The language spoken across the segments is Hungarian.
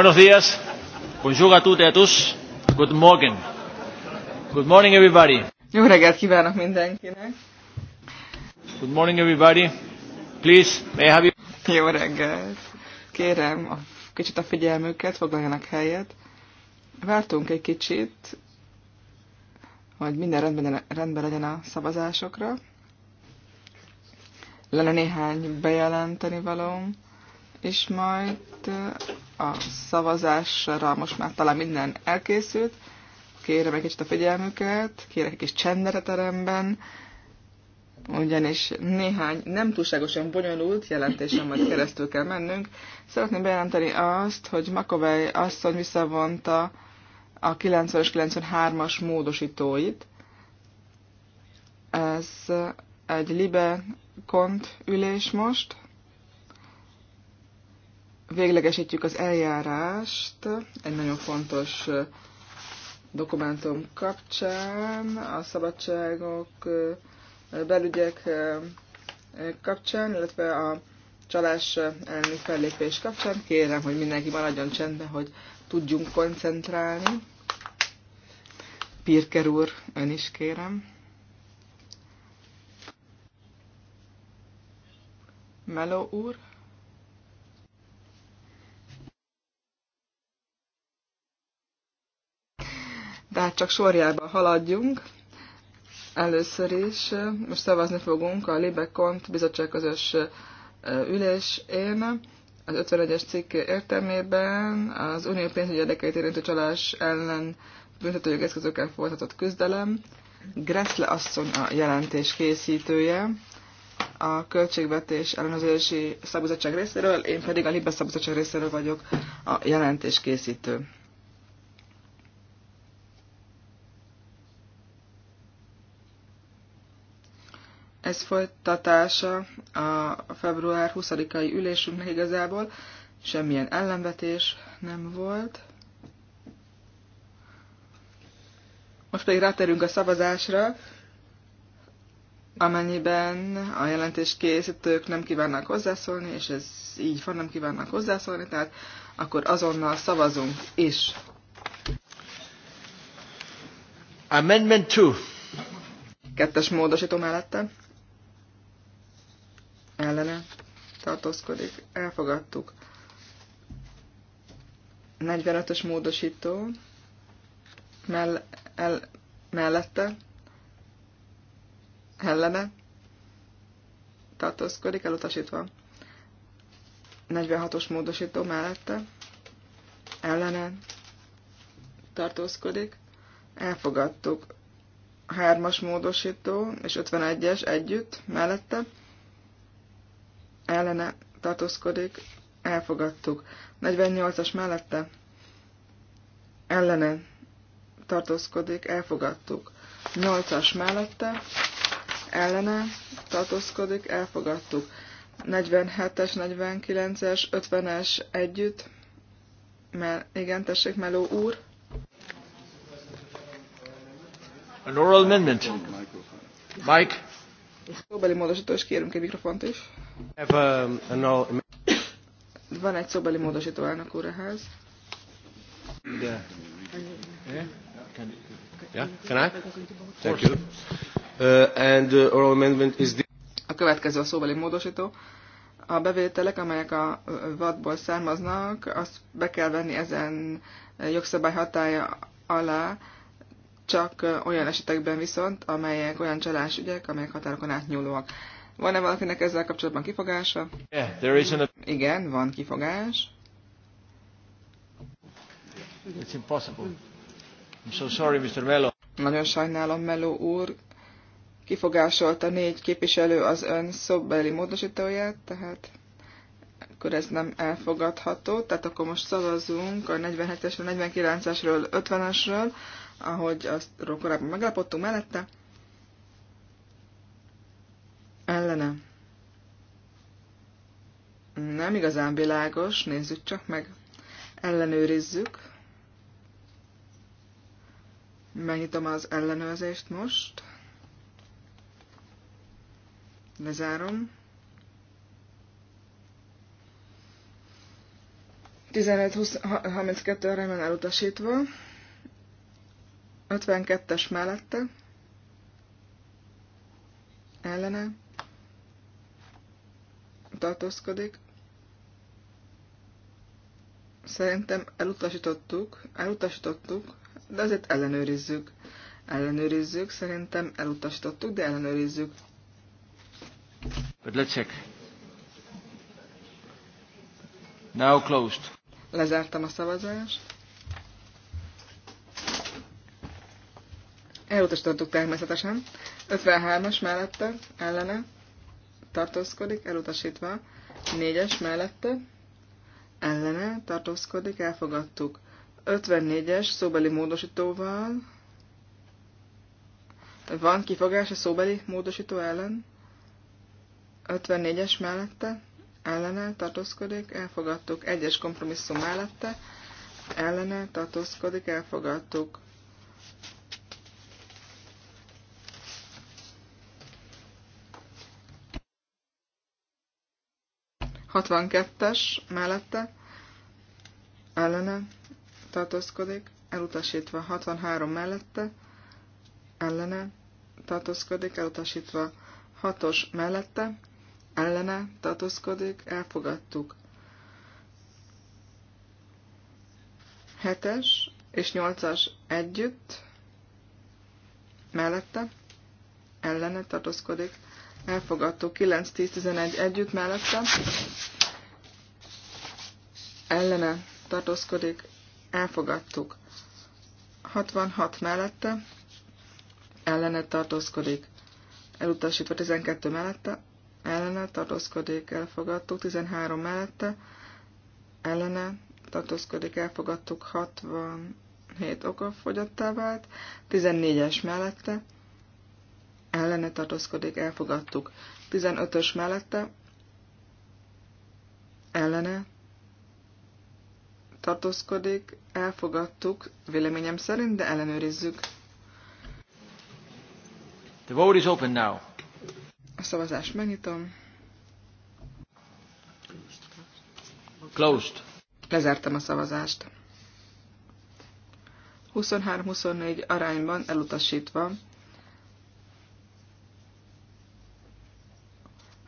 Buenos días. Bonjour à toutes et à tous. Good morning. Good morning everybody. Jó reggelt kívánok mindenkinek. Good morning everybody. Please, may I have you... Jó reggelt. Kérem, a, kicsit a figyelmüket, foglaljanak helyet. Vártunk egy kicsit, hogy minden rendben, rendben legyen a szavazásokra. Lenne néhány bejelenteni valóm, és majd a szavazásra most már talán minden elkészült. Kérem egy kicsit a figyelmüket, kérek egy kis csendet a teremben, ugyanis néhány nem túlságosan bonyolult jelentésen majd keresztül kell mennünk. Szeretném bejelenteni azt, hogy Makovej asszony visszavonta a 90 93-as módosítóit. Ez egy libe kont ülés most, véglegesítjük az eljárást egy nagyon fontos dokumentum kapcsán, a szabadságok, belügyek kapcsán, illetve a csalás elleni fellépés kapcsán. Kérem, hogy mindenki maradjon csendben, hogy tudjunk koncentrálni. Pirker úr, ön is kérem. Meló úr. de hát csak sorjában haladjunk. Először is most szavazni fogunk a Libekont bizottság közös ülésén az 51-es cikk értelmében az unió pénzügyi érdekeit érintő csalás ellen büntetőjog eszközökkel folytatott küzdelem. Gressle asszony a jelentés készítője a költségvetés ellenőrzési szabadság részéről, én pedig a Libes szabizottság részéről vagyok a jelentés készítő. Ez folytatása a február 20-ai ülésünknek igazából. Semmilyen ellenvetés nem volt. Most pedig ráterünk a szavazásra, amennyiben a jelentés készítők nem kívánnak hozzászólni, és ez így van, nem kívánnak hozzászólni, tehát akkor azonnal szavazunk is. Amendment 2. Kettes módosító mellette ellene tartózkodik, elfogadtuk. 45-ös módosító mell el mellette ellene tartózkodik, elutasítva. 46-os módosító mellette ellene tartózkodik, elfogadtuk. 3-as módosító és 51-es együtt mellette ellene tartózkodik, elfogadtuk. 48-as mellette ellene tartózkodik, elfogadtuk. 8-as mellette ellene tartózkodik, elfogadtuk. 47-es, 49-es, 50-es együtt. Mert igen, tessék, Meló úr. An oral amendment. Mike. Szóbeli módosító, és kérünk egy mikrofont is. Um, Van egy szóbeli módosító elnök úr ehhez. Can I? Thank you. Uh, and uh, amendment is the... A következő a szóbeli módosító. A bevételek, amelyek a vadból származnak, azt be kell venni ezen jogszabály hatája alá, csak olyan esetekben viszont, amelyek olyan csalásügyek, amelyek határokon átnyúlóak. Van-e valakinek ezzel kapcsolatban kifogása? Yeah, there is an... Igen, van kifogás. It's impossible. I'm so sorry, Mr. Mello. Nagyon sajnálom, Mello úr. a négy képviselő az ön szobbeli módosítóját, tehát akkor ez nem elfogadható. Tehát akkor most szavazunk a 47-esről, 49-esről, 50-esről, ahogy azt korábban megállapodtunk mellette. kellene? Nem igazán világos, nézzük csak meg. Ellenőrizzük. Megnyitom az ellenőrzést most. Lezárom. 15-32 remen elutasítva. 52-es mellette. Ellene tartózkodik. Szerintem elutasítottuk, elutasítottuk, de azért ellenőrizzük. Ellenőrizzük, szerintem elutasítottuk, de ellenőrizzük. But let's check. Now closed. Lezártam a szavazást. Elutasítottuk természetesen. 53-as mellette, ellene, tartózkodik, elutasítva. Négyes mellette ellene tartózkodik, elfogadtuk. 54-es szóbeli módosítóval. Van kifogás a szóbeli módosító ellen? 54-es mellette ellene tartózkodik, elfogadtuk. Egyes kompromisszum mellette ellene tartózkodik, elfogadtuk. 62-es mellette ellene tartózkodik, elutasítva 63 mellette ellene tartózkodik, elutasítva 6-os mellette ellene tartózkodik, elfogadtuk. 7-es és 8-as együtt mellette ellene tartózkodik, elfogadtó 9-10-11 együtt mellette, ellene tartózkodik, elfogadtuk 66 mellette, ellene tartózkodik, elutasítva 12 mellette, ellene tartózkodik, elfogadtuk 13 mellette, ellene tartózkodik, elfogadtuk 67 okafogyottá vált, 14-es mellette, ellene tartózkodik, elfogadtuk. 15-ös mellette ellene tartózkodik, elfogadtuk, véleményem szerint, de ellenőrizzük. The vote is open now. A szavazást megnyitom. Closed. Lezártam a szavazást. 23-24 arányban elutasítva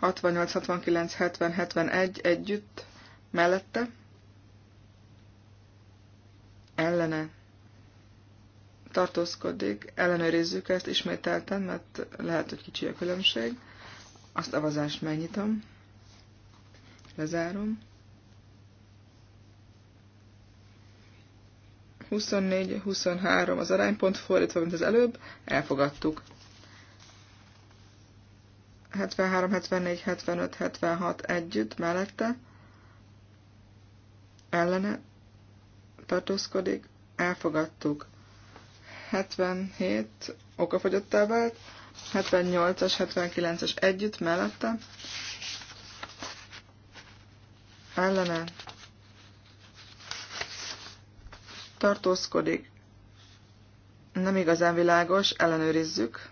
68, 69, 70, 71 együtt, mellette, ellene tartózkodik, ellenőrizzük ezt ismételten, mert lehet, hogy kicsi a különbség. A vazást megnyitom, lezárom. 24-23 az aránypont, fordítva, mint az előbb, elfogadtuk. 73, 74, 75, 76 együtt mellette ellene tartózkodik, elfogadtuk. 77 okafogyottá vált, 78-as, 79-es együtt mellette ellene tartózkodik. Nem igazán világos, ellenőrizzük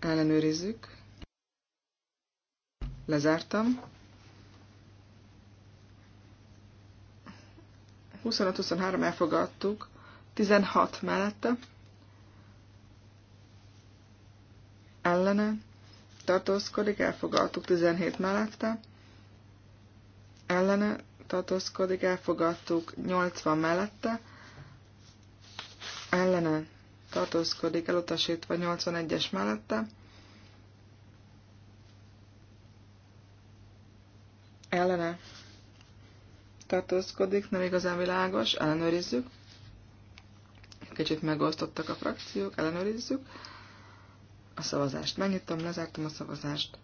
ellenőrizzük. Lezártam. 25-23 elfogadtuk, 16 mellette, ellene, tartózkodik, elfogadtuk 17 mellette, ellene, tartózkodik, elfogadtuk 80 mellette, ellene, tartózkodik elutasítva 81-es mellette, ellene tartózkodik, nem igazán világos, ellenőrizzük. Kicsit megosztottak a frakciók, ellenőrizzük. A szavazást megnyitom, lezártam a szavazást.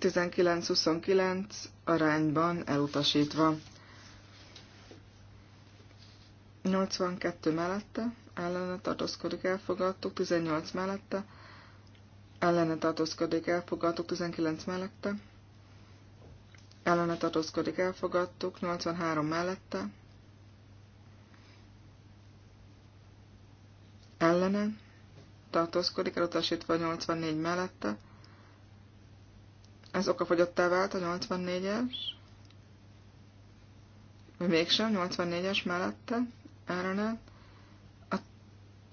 19-29 arányban elutasítva. 82 mellette, ellene tartózkodik, elfogadtuk, 18 mellette, ellene tartózkodik, elfogadtuk, 19 mellette, ellene tartózkodik, elfogadtuk, 83 mellette, ellene tartózkodik, elutasítva 84 mellette, ez fogyottá vált a 84-es, mégsem 84-es mellette, Áronán. A,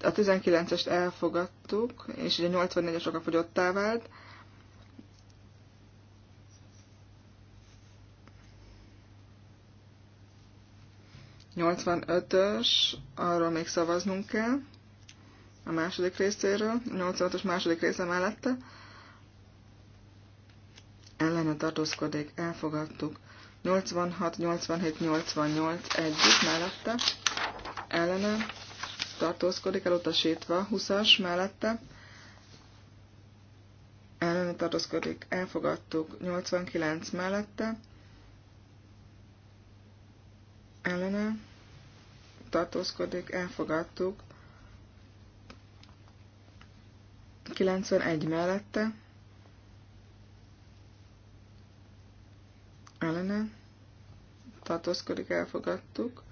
a 19-est elfogadtuk, és ugye 84-es oka fogyottá vált. ös arról még szavaznunk kell, a második részéről, 85-ös második része mellette. Ellene tartózkodik, elfogadtuk. 86, 87, 88 együtt mellette ellene tartózkodik, elutasítva, 20-as mellette ellene tartózkodik, elfogadtuk, 89 mellette ellene tartózkodik, elfogadtuk, 91 mellette ellene tartózkodik, elfogadtuk,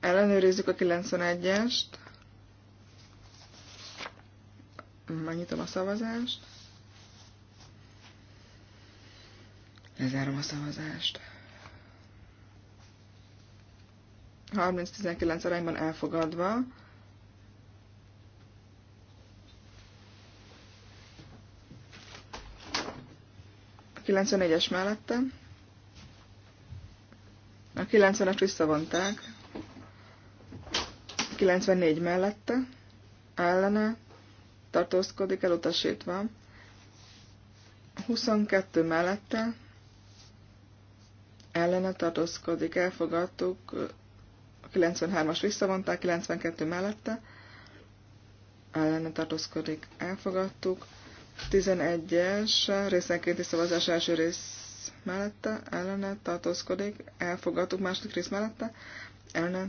Ellenőrizzük a 91-est. Megnyitom a szavazást. Lezárom a szavazást. 30-19 arányban elfogadva. A 94-es mellette. A 90 es visszavonták. 94 mellette, ellene, tartózkodik elutasítva. 22 mellette, ellene tartózkodik, elfogadtuk, 93-as visszavonták, 92 mellette, ellene tartózkodik, elfogadtuk, 11-es részenkénti szavazás első rész mellette, ellene tartózkodik, elfogadtuk, második rész mellette, ellene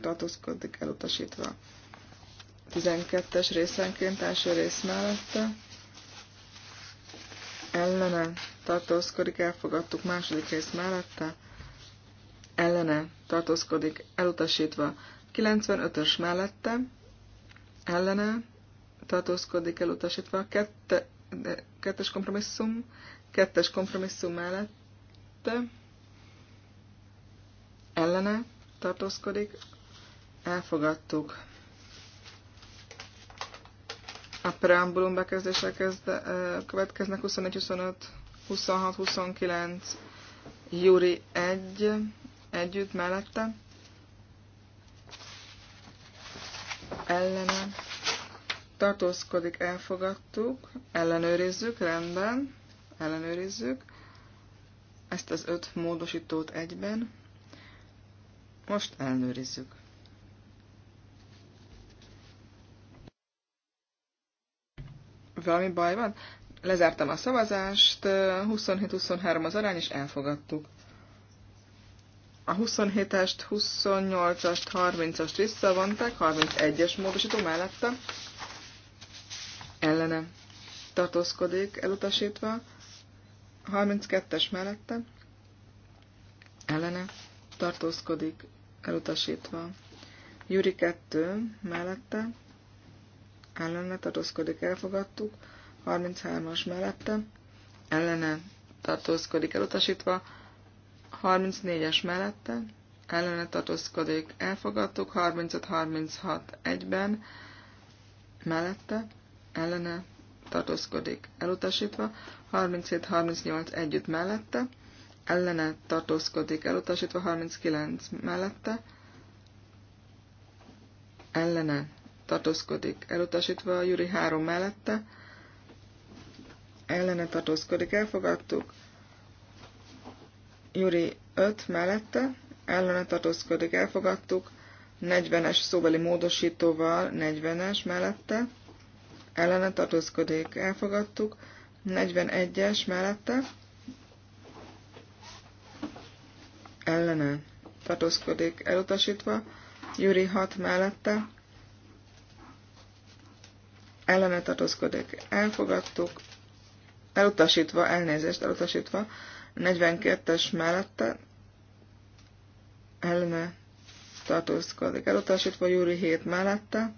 tartózkodik elutasítva. 12-es részenként első rész mellette ellene tartózkodik, elfogadtuk második rész mellette, ellene tartózkodik, elutasítva 95-ös mellette, ellene tartózkodik, elutasítva kette, kettes kompromisszum, kettes kompromisszum mellette, ellene tartózkodik, elfogadtuk. A preambulum bekezdése kezde, következnek 21, 25, 26, 29, Júri 1 együtt mellette. Ellene tartózkodik, elfogadtuk, ellenőrizzük, rendben, ellenőrizzük ezt az öt módosítót egyben. Most ellenőrizzük. valami baj van? Lezártam a szavazást, 27-23 az arány, és elfogadtuk. A 27-est, 28-ast, 30-ast visszavonták, 31-es módosító mellette ellene tartózkodik, elutasítva, 32-es mellette ellene tartózkodik, elutasítva. Júri 2 mellette ellene tartózkodik, elfogadtuk. 33-as mellette ellene tartózkodik, elutasítva. 34-es mellette ellene tartózkodik, elfogadtuk. 35-36 egyben mellette ellene tartózkodik, elutasítva. 37-38 együtt mellette ellene tartózkodik, elutasítva. 39 mellette ellene tartózkodik elutasítva, a Juri 3 mellette, ellene tartózkodik elfogadtuk, Juri 5 mellette, ellene tartózkodik elfogadtuk, 40-es szóbeli módosítóval 40-es mellette, ellene tartózkodik elfogadtuk, 41-es mellette, ellene tartózkodik elutasítva, Juri 6 mellette, ellene tartózkodik. Elfogadtuk, elutasítva, elnézést elutasítva, 42-es mellette ellene tartózkodik. Elutasítva Júri 7 mellette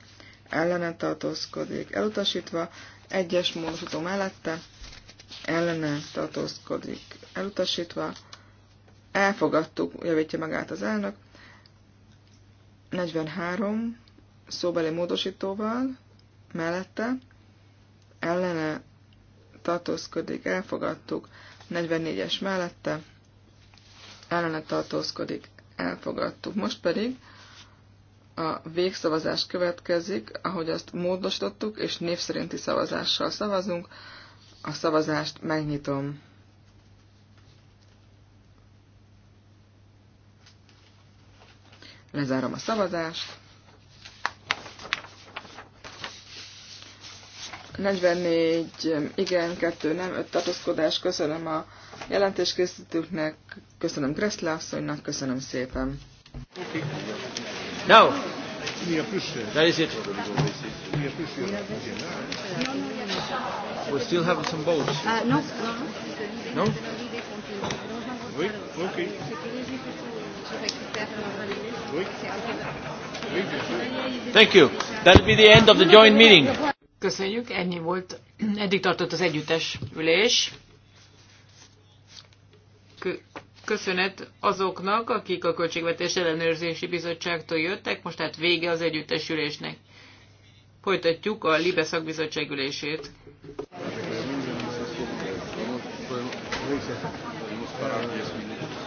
ellene tartózkodik. Elutasítva egyes módosító mellette ellene tartózkodik. Elutasítva elfogadtuk, javítja magát az elnök. 43 szóbeli módosítóval mellette, ellene tartózkodik, elfogadtuk, 44-es mellette, ellene tartózkodik, elfogadtuk. Most pedig a végszavazás következik, ahogy azt módosítottuk, és név szerinti szavazással szavazunk. A szavazást megnyitom. Lezárom a szavazást. 44 igen, 2 nem, 5 tartózkodás. Köszönöm a jelentéskészítőknek, köszönöm Gressle asszonynak, köszönöm szépen. Okay. Now, that is it. We still have some boats. Uh, no. No? Oui, ok. Thank you. That'll be the end of the joint meeting. Köszönjük, ennyi volt. Eddig tartott az együttes ülés. Köszönet azoknak, akik a Költségvetés Ellenőrzési Bizottságtól jöttek, most tehát vége az együttes ülésnek. Folytatjuk a Libe szakbizottság ülését. Köszönjük.